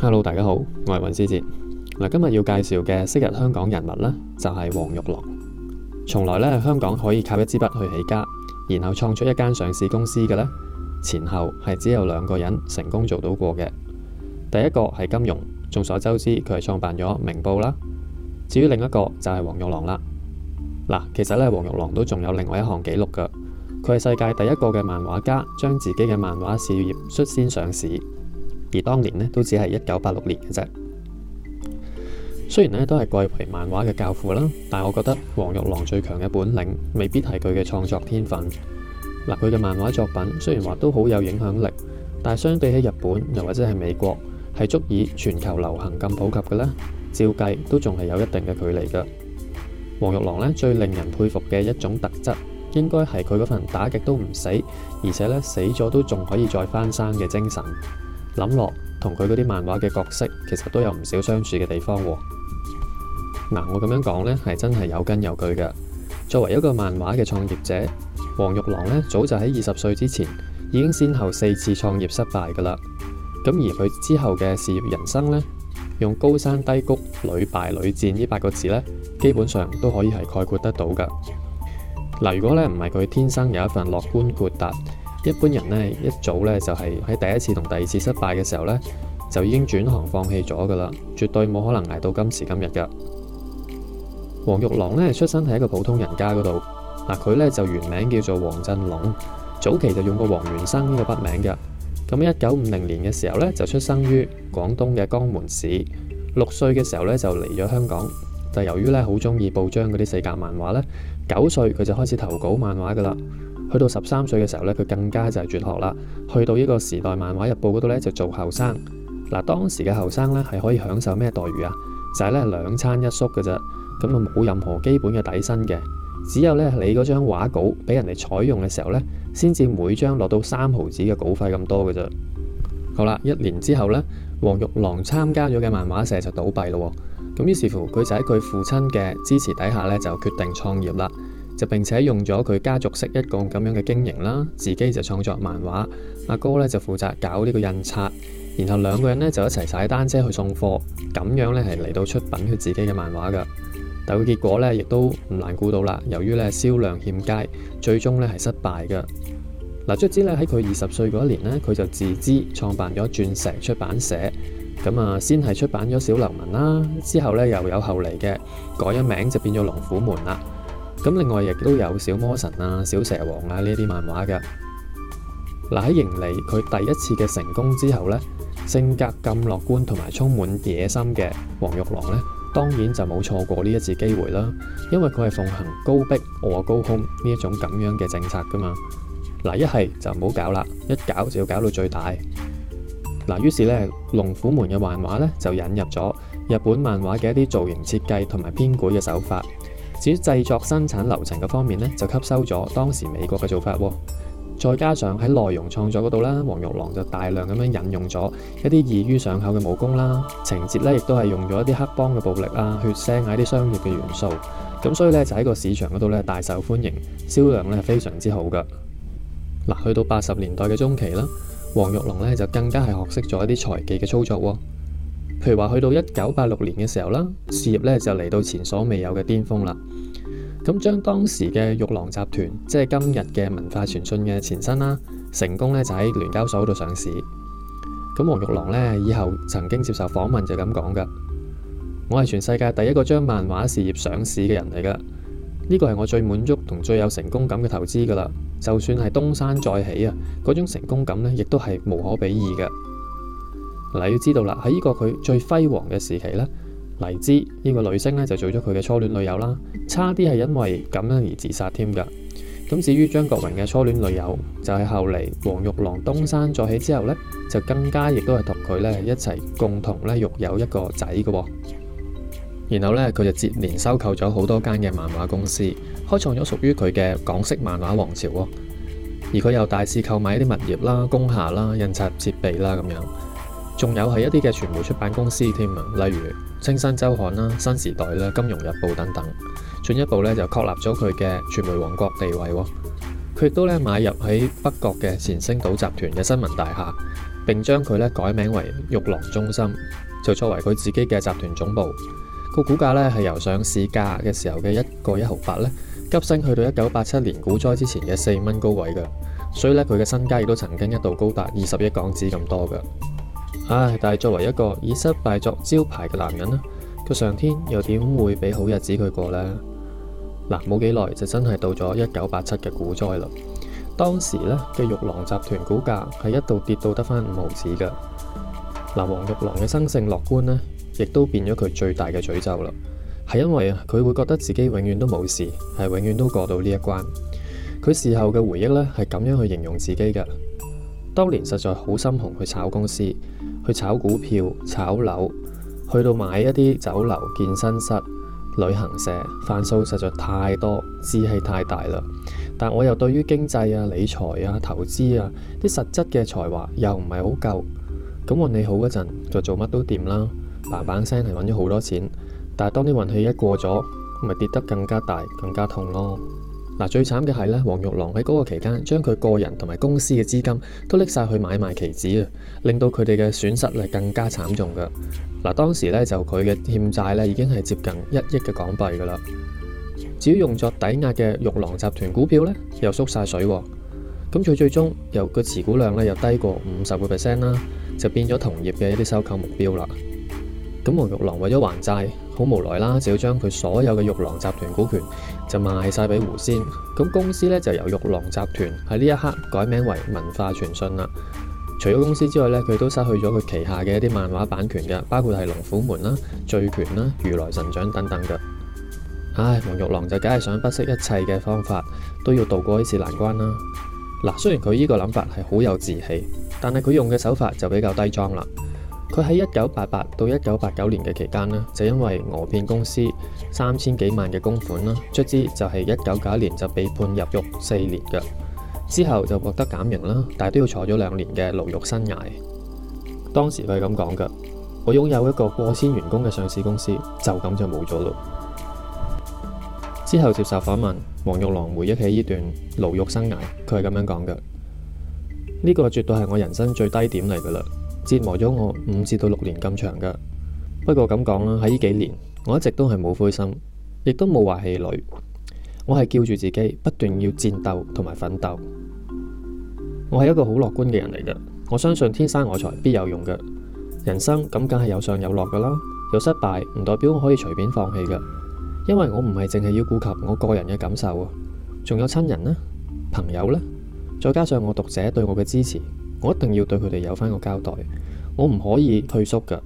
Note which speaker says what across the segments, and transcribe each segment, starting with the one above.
Speaker 1: Hello，大家好，我係尹思哲。嗱，今日要介紹嘅昔日香港人物呢，就係黃玉郎。從來呢，香港可以靠一支筆去起家，然後創出一間上市公司嘅呢，前後係只有兩個人成功做到過嘅。第一個係金庸，眾所周知，佢係創辦咗明報啦。至於另一個就係黃玉郎啦。嗱，其實呢，黃玉郎都仲有另外一項紀錄噶，佢係世界第一個嘅漫畫家，將自己嘅漫畫事業率先上市。而當年咧都只係一九八六年嘅啫。雖然咧都係貴為漫畫嘅教父啦，但我覺得黃玉郎最強嘅本領未必係佢嘅創作天分嗱。佢嘅漫畫作品雖然話都好有影響力，但相比起日本又或者係美國，係足以全球流行咁普及嘅咧。照計都仲係有一定嘅距離噶。黃玉郎呢，最令人佩服嘅一種特質，應該係佢嗰份打極都唔死，而且呢，死咗都仲可以再翻生嘅精神。諗落同佢嗰啲漫畫嘅角色，其實都有唔少相處嘅地方，哦。嗱、啊，我咁樣講呢，係真係有根有據嘅。作為一個漫畫嘅創業者，黃玉郎呢，早就喺二十歲之前已經先後四次創業失敗噶啦。咁、啊、而佢之後嘅事業人生呢，用高山低谷、屢敗屢戰呢八個字呢，基本上都可以係概括得到噶。嗱、啊，如果咧唔係佢天生有一份樂觀豁達。一般人咧一早咧就係喺第一次同第二次失敗嘅時候咧，就已經轉行放棄咗噶啦，絕對冇可能捱到今時今日噶。黃玉郎咧出生喺一個普通人家嗰度，嗱，佢咧就原名叫做黃振龍，早期就用過黃元生呢個筆名嘅。咁一九五零年嘅時候咧就出生於廣東嘅江門市，六歲嘅時候咧就嚟咗香港，但由於咧好中意報章嗰啲四格漫畫咧，九歲佢就開始投稿漫畫噶啦。去到十三歲嘅時候咧，佢更加就係輟學啦。去到呢個《時代漫畫日報》嗰度咧，就做後生。嗱，當時嘅後生咧係可以享受咩待遇啊？就係咧兩餐一宿嘅啫，咁啊冇任何基本嘅底薪嘅，只有咧你嗰張畫稿俾人哋採用嘅時候咧，先至每張落到三毫子嘅稿費咁多嘅啫。好啦，一年之後咧，黃玉郎參加咗嘅漫畫社就倒閉咯。咁於是乎，佢就喺佢父親嘅支持底下咧，就決定創業啦。就並且用咗佢家族式一個咁樣嘅經營啦，自己就創作漫畫，阿哥咧就負責搞呢個印刷，然後兩個人咧就一齊踩單車去送貨，咁樣咧係嚟到出品佢自己嘅漫畫噶。但個結果咧亦都唔難估到啦，由於咧銷量欠佳，最終咧係失敗嘅。嗱，啊，卒之咧喺佢二十歲嗰一年咧，佢就自資創辦咗鑽石出版社，咁啊先係出版咗《小流氓》啦，之後咧又有後嚟嘅改咗名就變咗《龍虎門》啦。咁另外亦都有小魔神啊、小蛇王啊呢啲漫畫嘅。嗱，喺迎嚟佢第一次嘅成功之後呢，性格咁樂觀同埋充滿野心嘅黃玉郎呢，當然就冇錯過呢一次機會啦，因為佢係奉行高逼我高空呢一種咁樣嘅政策噶嘛。嗱、啊，一係就唔好搞啦，一搞就要搞到最大。嗱，於、啊、是呢，龍虎門嘅漫畫呢，就引入咗日本漫畫嘅一啲造型設計同埋編繪嘅手法。至於製作生產流程嘅方面咧，就吸收咗當時美國嘅做法喎、哦。再加上喺內容創作嗰度啦，黃玉郎就大量咁樣引用咗一啲易於上口嘅武功啦，情節咧亦都係用咗一啲黑幫嘅暴力啊、血腥啊一啲商業嘅元素。咁所以咧就喺個市場嗰度咧大受歡迎，銷量咧係非常之好噶。嗱，去到八十年代嘅中期啦，黃玉郎咧就更加係學識咗一啲財技嘅操作喎、哦。譬如話去到一九八六年嘅時候啦，事業咧就嚟到前所未有嘅巔峰啦。咁將當時嘅玉郎集團，即係今日嘅文化傳信嘅前身啦，成功咧就喺聯交所度上市。咁黃玉郎咧以後曾經接受訪問就咁講噶：我係全世界第一個將漫畫事業上市嘅人嚟噶，呢個係我最滿足同最有成功感嘅投資噶啦。就算係東山再起啊，嗰種成功感咧亦都係無可比擬嘅。你要知道啦，喺呢個佢最輝煌嘅時期呢，黎姿呢、這個女星呢，就做咗佢嘅初戀女友啦，差啲係因為咁樣而自殺添㗎。咁至於張國榮嘅初戀女友就係、是、後嚟黃玉郎東山再起之後呢，就更加亦都係同佢呢一齊共同呢育有一個仔㗎。然後呢，佢就接連收購咗好多間嘅漫畫公司，開創咗屬於佢嘅港式漫畫王朝咯。而佢又大肆購買一啲物業啦、工廈啦、印刷設備啦咁樣。仲有係一啲嘅傳媒出版公司添啊，例如《清新周刊》啦，《新時代》啦，《金融日報》等等，進一步咧就確立咗佢嘅傳媒王國地位。佢亦都咧買入喺北角嘅前星島集團嘅新聞大廈，並將佢咧改名為玉郎中心，就作為佢自己嘅集團總部。個股價咧係由上市價嘅時候嘅一個一毫八咧急升去到一九八七年股災之前嘅四蚊高位㗎，所以咧佢嘅身家亦都曾經一度高達二十億港紙咁多㗎。唉，但係作為一個以失敗作招牌嘅男人咧，佢上天又點會俾好日子佢過呢？嗱，冇幾耐就真係到咗一九八七嘅股災啦。當時咧嘅玉郎集團股價係一度跌到得翻五毫子噶。嗱，黃玉郎嘅生性樂觀呢，亦都變咗佢最大嘅詛咒啦。係因為啊，佢會覺得自己永遠都冇事，係永遠都過到呢一關。佢事後嘅回憶呢，係咁樣去形容自己嘅。當年實在好心紅，去炒公司，去炒股票，炒樓，去到買一啲酒樓、健身室、旅行社，飯數實在太多，志氣太大啦。但我又對於經濟啊、理財啊、投資啊啲實質嘅才華又唔係好夠，咁運氣好嗰陣就做乜都掂啦，嘭嘭聲係搵咗好多錢。但係當啲運氣一過咗，咪跌得更加大、更加痛咯。嗱，最慘嘅係咧，黃玉郎喺嗰個期間將佢個人同埋公司嘅資金都拎晒去買賣期指，啊，令到佢哋嘅損失係更加慘重噶。嗱，當時咧就佢嘅欠債咧已經係接近一億嘅港幣噶啦。至於用作抵押嘅玉郎集團股票咧又縮晒水了，咁佢最終由個持股量咧又低過五十個 percent 啦，就變咗同業嘅一啲收購目標啦。咁黃玉郎為咗還債，好無奈啦，就要將佢所有嘅玉郎集團股權就賣晒俾胡仙。咁公司咧就由玉郎集團喺呢一刻改名為文化傳信啦。除咗公司之外咧，佢都失去咗佢旗下嘅一啲漫畫版權嘅，包括係《龍虎門》啦、《醉拳》啦、《如來神掌》等等噶。唉，黃玉郎就梗係想不惜一切嘅方法都要渡過呢次難關啦。嗱，雖然佢呢個諗法係好有志氣，但係佢用嘅手法就比較低莊啦。佢喺一九八八到一九八九年嘅期間呢，就因為訛騙公司三千幾萬嘅公款啦，卒之就係一九九一年就被判入獄四年嘅，之後就獲得減刑啦，但係都要坐咗兩年嘅牢獄生涯。當時佢係咁講噶：我擁有一個過千員工嘅上市公司，就咁就冇咗咯。之後接受訪問，黃玉郎回憶起呢段牢獄生涯，佢係咁樣講嘅，呢個絕對係我人生最低點嚟噶啦。折磨咗我五至到六年咁長噶，不過咁講啦，喺呢幾年我一直都係冇灰心，亦都冇話氣餒，我係叫住自己不斷要戰鬥同埋奮鬥。我係一個好樂觀嘅人嚟噶，我相信天生我材必有用噶。人生咁梗係有上有落噶啦，有失敗唔代表我可以隨便放棄噶，因為我唔係淨係要顧及我個人嘅感受啊，仲有親人咧、朋友咧，再加上我讀者對我嘅支持。我一定要對佢哋有翻個交代，我唔可以退縮噶。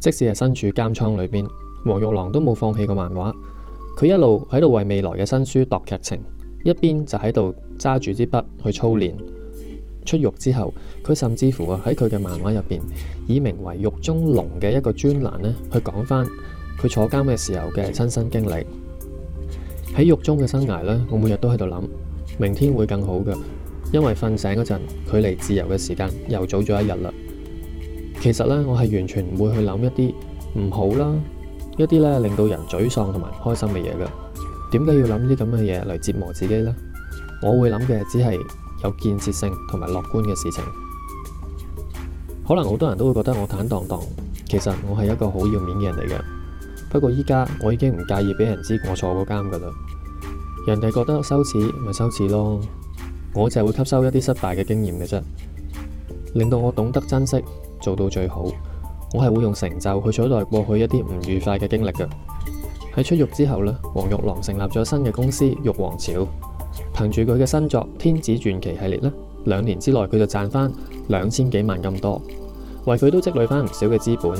Speaker 1: 即使係身處監倉裏邊，黃玉郎都冇放棄過漫畫。佢一路喺度為未來嘅新書度劇情，一邊就喺度揸住支筆去操練。出獄之後，佢甚至乎啊喺佢嘅漫畫入邊，以名為《獄中龍》嘅一個專欄咧，去講翻佢坐監嘅時候嘅親身經歷。喺獄中嘅生涯咧，我每日都喺度諗，明天會更好嘅。因為瞓醒嗰陣，距離自由嘅時間又早咗一日啦。其實呢，我係完全唔會去諗一啲唔好啦，一啲呢，令到人沮喪同埋開心嘅嘢嘅。點解要諗啲咁嘅嘢嚟折磨自己呢？我會諗嘅只係有建設性同埋樂觀嘅事情。可能好多人都會覺得我坦蕩蕩，其實我係一個好要面嘅人嚟嘅。不過依家我已經唔介意俾人知我坐過監噶啦，人哋覺得羞恥咪羞恥咯。我就係會吸收一啲失敗嘅經驗嘅啫，令到我懂得珍惜，做到最好。我係會用成就去取代過去一啲唔愉快嘅經歷噶。喺出獄之後咧，黃玉郎成立咗新嘅公司玉皇朝，憑住佢嘅新作《天子傳奇》系列咧，兩年之內佢就賺翻兩千幾萬咁多，為佢都積累翻唔少嘅資本。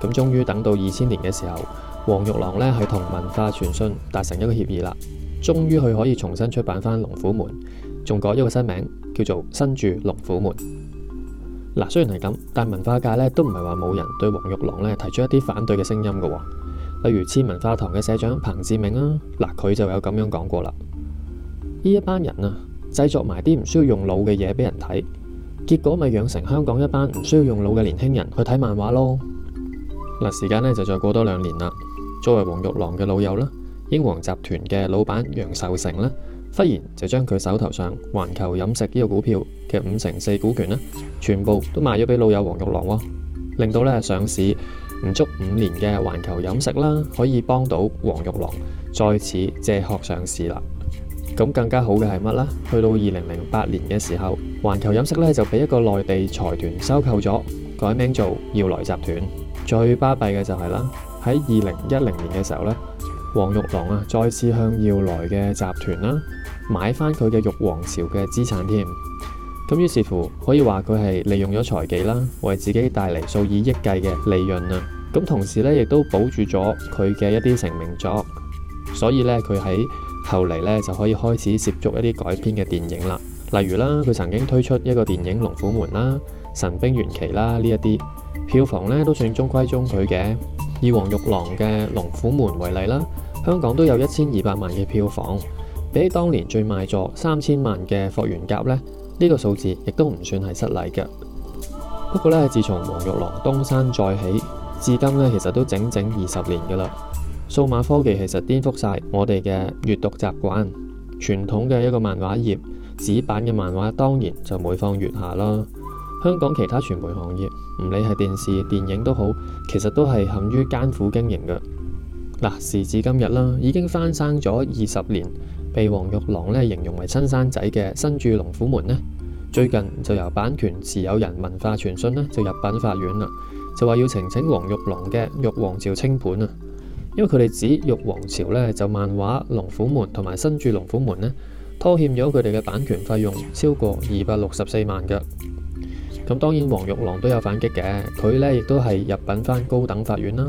Speaker 1: 咁終於等到二千年嘅時候，黃玉郎咧係同文化傳信達成一個協議啦，終於佢可以重新出版翻《龍虎門》。仲改咗個新名，叫做身住龍虎門。嗱，雖然係咁，但文化界咧都唔係話冇人對黃玉郎咧提出一啲反對嘅聲音嘅喎、哦。例如，千文化堂嘅社長彭志明啊，嗱、啊，佢就有咁樣講過啦。呢一班人啊，製作埋啲唔需要用腦嘅嘢俾人睇，結果咪養成香港一班唔需要用腦嘅年輕人去睇漫畫咯。嗱、啊，時間咧就再過多兩年啦。作為黃玉郎嘅老友啦，英皇集團嘅老闆楊受成啦。忽然就將佢手頭上環球飲食呢個股票嘅五成四股權咧，全部都賣咗俾老友黃玉郎喎，令到咧上市唔足五年嘅環球飲食啦，可以幫到黃玉郎再次借殼上市啦。咁更加好嘅係乜咧？去到二零零八年嘅時候，環球飲食咧就俾一個內地財團收購咗，改名做耀萊集團。最巴閉嘅就係啦，喺二零一零年嘅時候咧。黃玉郎啊，再次向耀來嘅集團啦，買翻佢嘅玉皇朝嘅資產添。咁於是乎，可以話佢係利用咗財技啦，為自己帶嚟數以億計嘅利潤啊。咁同時咧，亦都保住咗佢嘅一啲成名作。所以咧，佢喺後嚟咧就可以開始涉足一啲改編嘅電影啦。例如啦，佢曾經推出一個電影《龍虎門》啦，《神兵玄奇》啦呢一啲，票房咧都算中規中矩嘅。以黃玉郎嘅《龍虎門》為例啦。香港都有一千二百萬嘅票房，比起當年最賣座三千萬嘅《霍元甲》呢，呢個數字亦都唔算係失禮嘅。不過呢，自從黃玉郎東山再起，至今呢，其實都整整二十年㗎喇。數碼科技其實顛覆晒我哋嘅閱讀習慣，傳統嘅一個漫畫業，紙版嘅漫畫當然就每況愈下啦。香港其他傳媒行業，唔理係電視、電影都好，其實都係陷於艱苦經營嘅。嗱，時至今日啦，已經翻生咗二十年，被黃玉郎咧形容為親生仔嘅《新著龍虎門》呢，最近就由版權持有人文化傳訊呢，就入稟法院啦，就話要呈請黃玉郎嘅《玉皇朝》清盤啊，因為佢哋指《玉皇朝》咧就漫畫《龍虎門》同埋《新著龍虎門》呢，拖欠咗佢哋嘅版權費用超過二百六十四萬㗎。咁當然黃玉郎都有反擊嘅，佢咧亦都係入稟翻高等法院啦。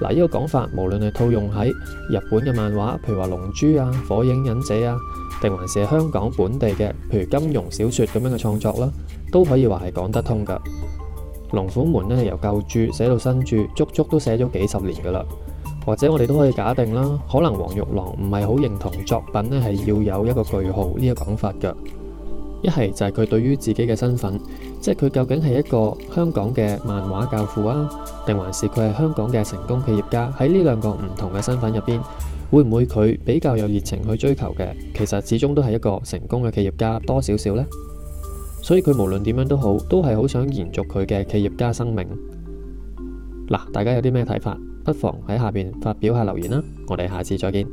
Speaker 1: 嗱呢個講法，無論係套用喺日本嘅漫畫，譬如話《龍珠》啊、《火影忍者》啊，定還是香港本地嘅，譬如《金庸小説》咁樣嘅創作啦，都可以話係講得通㗎。《龍虎門》呢咧由舊著寫到新著，足足都寫咗幾十年㗎啦。或者我哋都可以假定啦，可能黃玉郎唔係好認同作品咧係要有一個句號呢個講法㗎。一係就係佢對於自己嘅身份，即係佢究竟係一個香港嘅漫畫教父啊，定還是佢係香港嘅成功企業家？喺呢兩個唔同嘅身份入邊，會唔會佢比較有熱情去追求嘅？其實始終都係一個成功嘅企業家多少少呢。所以佢無論點樣都好，都係好想延續佢嘅企業家生命。嗱，大家有啲咩睇法？不妨喺下邊發表下留言啦。我哋下次再見。